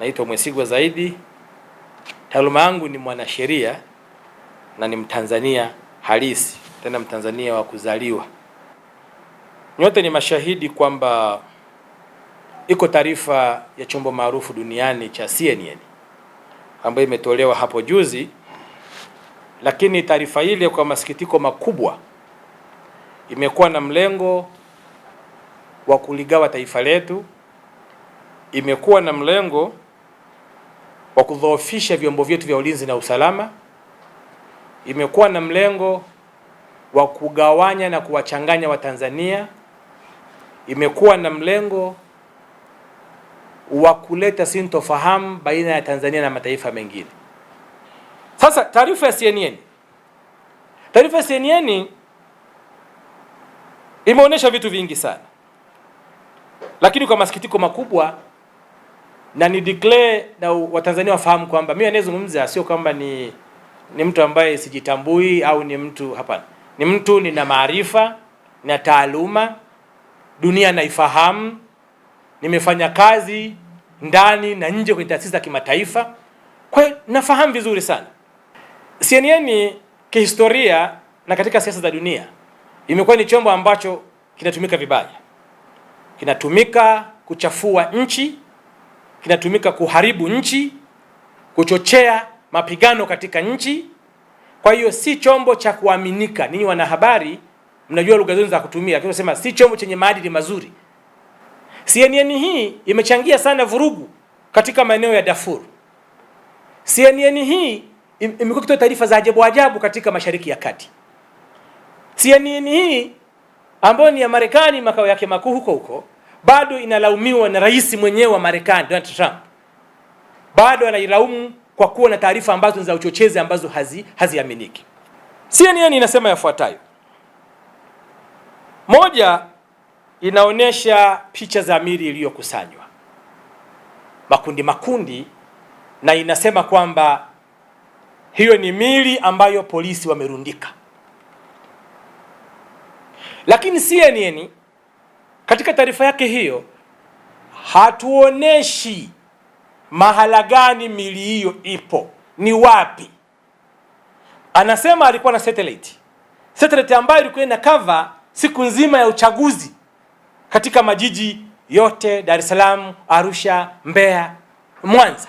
naitwa Mwesigwa Zaidi. Taaluma yangu ni mwanasheria na ni Mtanzania halisi, tena Mtanzania wa kuzaliwa. Nyote ni mashahidi kwamba iko taarifa ya chombo maarufu duniani cha CNN ambayo imetolewa hapo juzi, lakini taarifa ile kwa masikitiko makubwa imekuwa na mlengo wa kuligawa taifa letu, imekuwa na mlengo kwa kudhoofisha vyombo vyetu vya ulinzi na usalama, imekuwa na mlengo wa kugawanya na kuwachanganya Watanzania, imekuwa na mlengo wa kuleta sintofahamu baina ya Tanzania na mataifa mengine. Sasa taarifa ya CNN, taarifa ya CNN imeonyesha vitu vingi sana, lakini kwa masikitiko makubwa na ni declare na Watanzania wafahamu kwamba mimi anayezungumza sio kwamba ni ni mtu ambaye sijitambui au ni mtu hapana, ni mtu nina maarifa na taaluma, dunia naifahamu, nimefanya kazi ndani na nje kwenye taasisi za kimataifa, kwa hiyo nafahamu vizuri sana CNN. Kihistoria na katika siasa za dunia imekuwa ni chombo ambacho kinatumika vibaya, kinatumika kuchafua nchi kinatumika kuharibu nchi, kuchochea mapigano katika nchi. Kwa hiyo si chombo cha kuaminika. Ninyi wanahabari mnajua lugha zenu za kutumia, lakini unasema si chombo chenye maadili mazuri. CNN hii imechangia sana vurugu katika maeneo ya Darfur. CNN hii imekuwa ikitoa taarifa za ajabu ajabu katika Mashariki ya Kati. CNN hii ambayo ni ya Marekani makao yake makuu huko huko bado inalaumiwa na rais mwenyewe wa Marekani Donald Trump, bado anailaumu kwa kuwa na taarifa ambazo ni za uchochezi ambazo haziaminiki. Hazi CNN inasema yafuatayo: moja, inaonyesha picha za mili iliyokusanywa makundi makundi, na inasema kwamba hiyo ni mili ambayo polisi wamerundika, lakini CNN katika taarifa yake hiyo hatuoneshi mahala gani mili hiyo ipo, ni wapi. Anasema alikuwa na satellite, satellite ambayo ilikuwa ina cover siku nzima ya uchaguzi katika majiji yote, Dar es Salaam, Arusha, Mbeya, Mwanza.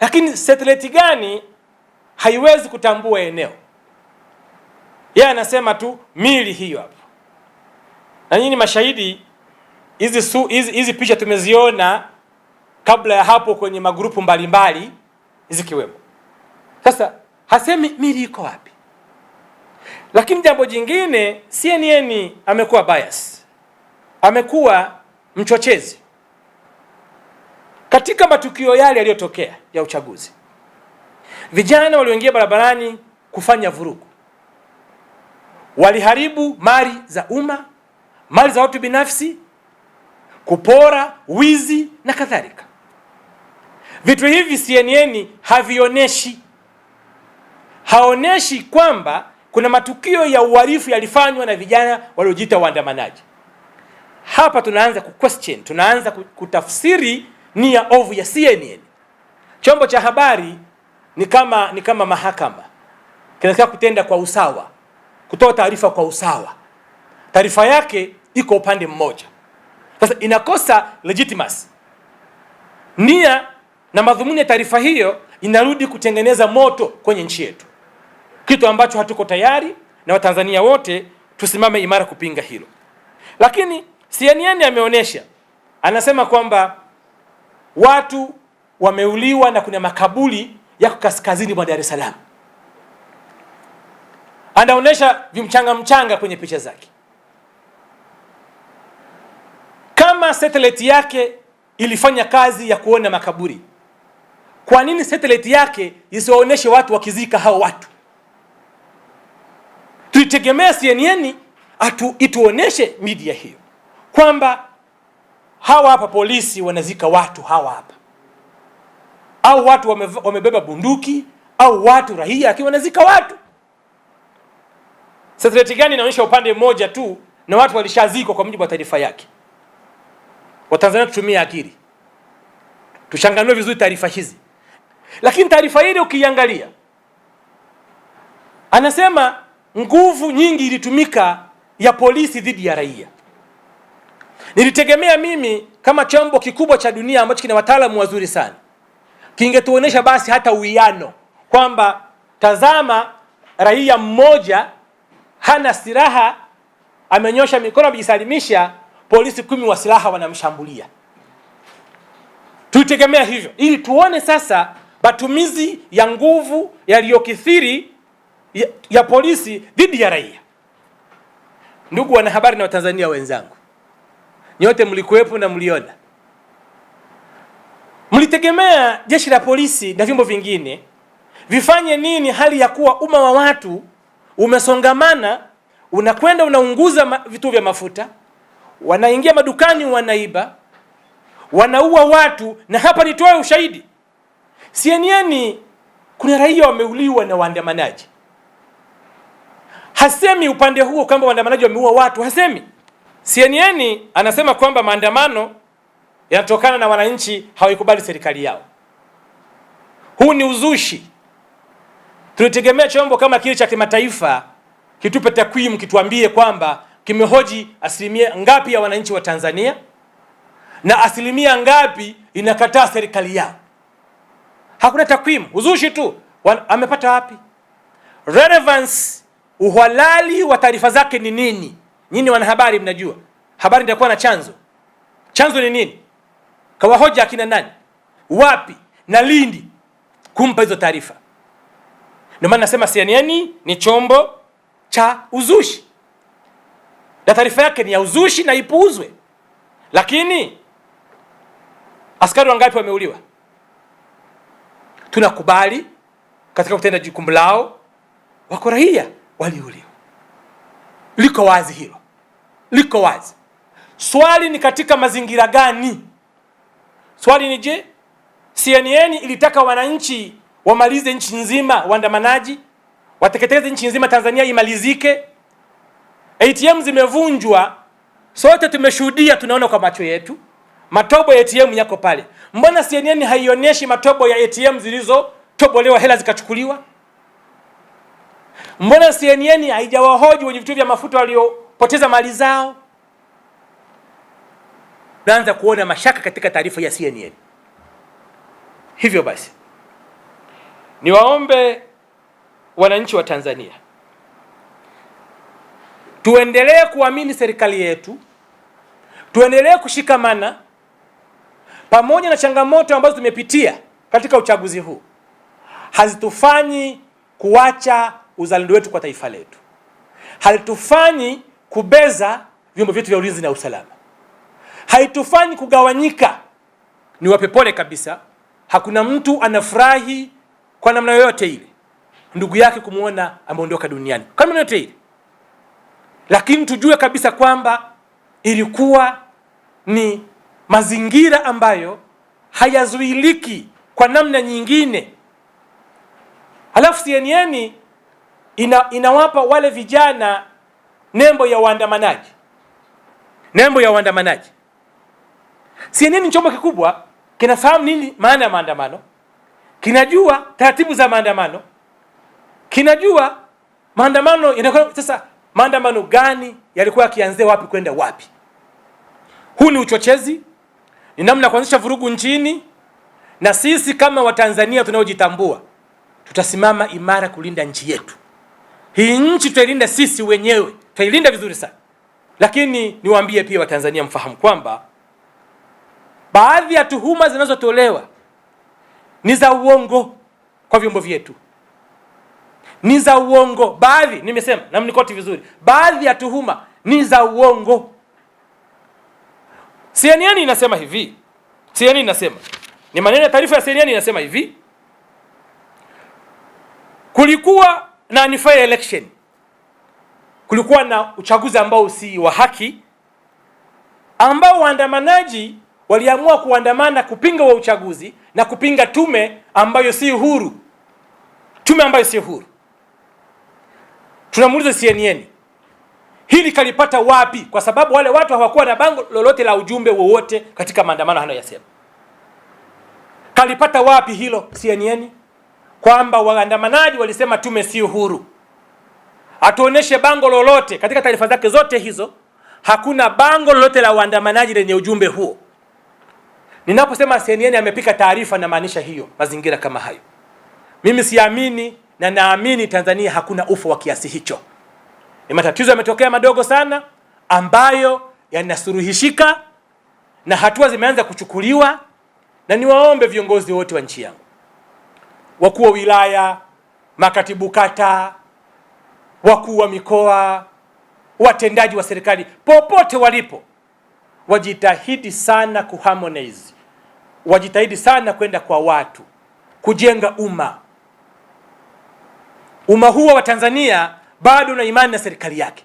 Lakini satellite gani haiwezi kutambua eneo. Yeye anasema tu mili hiyo hapo na nyinyi mashahidi, hizi hizi picha tumeziona kabla ya hapo kwenye magrupu mbalimbali zikiwemo. Sasa hasemi mili iko wapi? Lakini jambo jingine, CNN amekuwa bias, amekuwa mchochezi katika matukio yale yaliyotokea ya uchaguzi. Vijana walioingia barabarani kufanya vurugu waliharibu mali za umma, mali za watu binafsi, kupora, wizi na kadhalika. Vitu hivi CNN havionyeshi, haonyeshi kwamba kuna matukio ya uhalifu yalifanywa na vijana waliojiita waandamanaji. Hapa tunaanza ku question, tunaanza kutafsiri nia ovu ya CNN. Chombo cha habari ni kama ni kama mahakama, kinataka kutenda kwa usawa, kutoa taarifa kwa usawa. Taarifa yake iko upande mmoja. Sasa inakosa legitimacy. Nia na madhumuni ya taarifa hiyo inarudi kutengeneza moto kwenye nchi yetu, kitu ambacho hatuko tayari, na Watanzania wote tusimame imara kupinga hilo. Lakini CNN ameonyesha, anasema kwamba watu wameuliwa na kuna makaburi yako kaskazini mwa Dar es Salaam. Anaonyesha vimchanga mchanga kwenye picha zake. kama satellite yake ilifanya kazi ya kuona makaburi, kwa nini satellite yake isiwaoneshe watu wakizika hao watu? tuitegemea CNN atu ituoneshe media hiyo kwamba hawa hapa polisi wanazika watu hawa hapa, au watu wame, wamebeba bunduki au watu raia akiwa wanazika watu. Satellite gani inaonyesha upande mmoja tu na watu walishazikwa kwa mujibu wa taarifa yake? Watanzania tutumie akili, tushanganue vizuri taarifa hizi. Lakini taarifa ile ukiangalia, anasema nguvu nyingi ilitumika ya polisi dhidi ya raia. Nilitegemea mimi kama chombo kikubwa cha dunia ambacho kina wataalamu wazuri sana kingetuonesha basi hata uwiano kwamba tazama, raia mmoja hana silaha, amenyosha mikono, amejisalimisha polisi kumi wa silaha wanamshambulia. Tuitegemea hivyo, ili tuone sasa matumizi ya nguvu yaliyokithiri ya, ya polisi dhidi ya raia. Ndugu wanahabari na Watanzania wenzangu, nyote mlikuwepo na mliona, mlitegemea jeshi la polisi na vyombo vingine vifanye nini hali ya kuwa umma wa watu umesongamana, unakwenda unaunguza vituo vya mafuta wanaingia madukani, wanaiba, wanaua watu. Na hapa nitoe ushahidi CNN, kuna raia wameuliwa na waandamanaji. Hasemi upande huo kwamba waandamanaji wameua watu, hasemi. CNN anasema kwamba maandamano yanatokana na wananchi hawaikubali serikali yao. Huu ni uzushi. Tulitegemea chombo kama kile cha kimataifa kitupe takwimu, kituambie kwamba kimehoji asilimia ngapi ya wananchi wa Tanzania na asilimia ngapi inakataa serikali yao. Hakuna takwimu, uzushi tu. Amepata wapi relevance? Uhalali wa taarifa zake ni nini? Nyinyi wanahabari mnajua, habari ndio na chanzo. Chanzo ni nini? Kawahoja akina nani, wapi na lindi kumpa hizo taarifa? Ndio maana nasema CNN ni chombo cha uzushi na taarifa yake ni ya uzushi na ipuuzwe. Lakini askari wangapi wameuliwa? Tunakubali katika kutenda jukumu lao, wako raia waliuliwa, liko wazi hilo, liko wazi. Swali ni katika mazingira gani? Swali ni je, CNN ilitaka wananchi wamalize nchi nzima, waandamanaji wateketeze nchi nzima, Tanzania imalizike? ATM zimevunjwa, sote tumeshuhudia, tunaona kwa macho yetu, matobo ya ATM yako pale. Mbona CNN haionyeshi matobo ya ATM zilizotobolewa hela zikachukuliwa? Mbona CNN haijawahoji wenye vituo vya mafuta waliopoteza mali zao? Naanza kuona mashaka katika taarifa ya CNN. Hivyo basi niwaombe wananchi wa Tanzania tuendelee kuamini serikali yetu, tuendelee kushikamana pamoja na changamoto ambazo tumepitia katika uchaguzi huu hazitufanyi kuacha uzalendo wetu kwa taifa letu, haitufanyi kubeza vyombo vyetu vya ulinzi na usalama, haitufanyi kugawanyika. Ni wapepole kabisa, hakuna mtu anafurahi kwa namna yoyote ile ndugu yake kumwona ameondoka duniani kwa namna yoyote ile lakini tujue kabisa kwamba ilikuwa ni mazingira ambayo hayazuiliki kwa namna nyingine. Halafu CNN ina, inawapa wale vijana nembo ya waandamanaji, nembo ya waandamanaji. CNN ni chombo kikubwa, kinafahamu nini maana ya maandamano, kinajua taratibu za maandamano, kinajua maandamano inakuwa sasa maandamano gani yalikuwa yakianzia wapi kwenda wapi. Huu ni uchochezi, ni namna ya kuanzisha vurugu nchini, na sisi kama Watanzania tunaojitambua tutasimama imara kulinda nchi yetu. Hii nchi tutailinda sisi wenyewe, tutailinda vizuri sana. Lakini niwaambie pia Watanzania mfahamu kwamba baadhi ya tuhuma zinazotolewa ni za uongo kwa vyombo vyetu ni za uongo. Baadhi nimesema na mnikoti vizuri, baadhi ya tuhuma ni za uongo. CNN inasema hivi, CNN inasema ni maneno ya taarifa ya CNN inasema hivi, kulikuwa na unfair election, kulikuwa na uchaguzi ambao si wa haki, ambao waandamanaji waliamua kuandamana kupinga wa uchaguzi na kupinga tume ambayo si huru, tume ambayo si huru Tunamuuliza CNN hili kalipata wapi? Kwa sababu wale watu hawakuwa na bango lolote la ujumbe wowote katika maandamano hanayoyasema. Kalipata wapi hilo CNN? Kwamba waandamanaji walisema tume si uhuru. Atuoneshe bango lolote katika taarifa zake zote hizo, hakuna bango lolote la waandamanaji lenye ujumbe huo. Ninaposema CNN amepika taarifa, namaanisha hiyo mazingira kama hayo. Mimi siamini na naamini Tanzania hakuna ufa wa kiasi hicho. Ni matatizo yametokea madogo sana ambayo yanasuluhishika na hatua zimeanza kuchukuliwa, na niwaombe viongozi wote wa nchi yangu, wakuu wa wilaya, makatibu kata, wakuu wa mikoa, watendaji wa serikali popote walipo, wajitahidi sana kuharmonize, wajitahidi sana kwenda kwa watu, kujenga umma umma huo wa Tanzania bado una imani na serikali yake.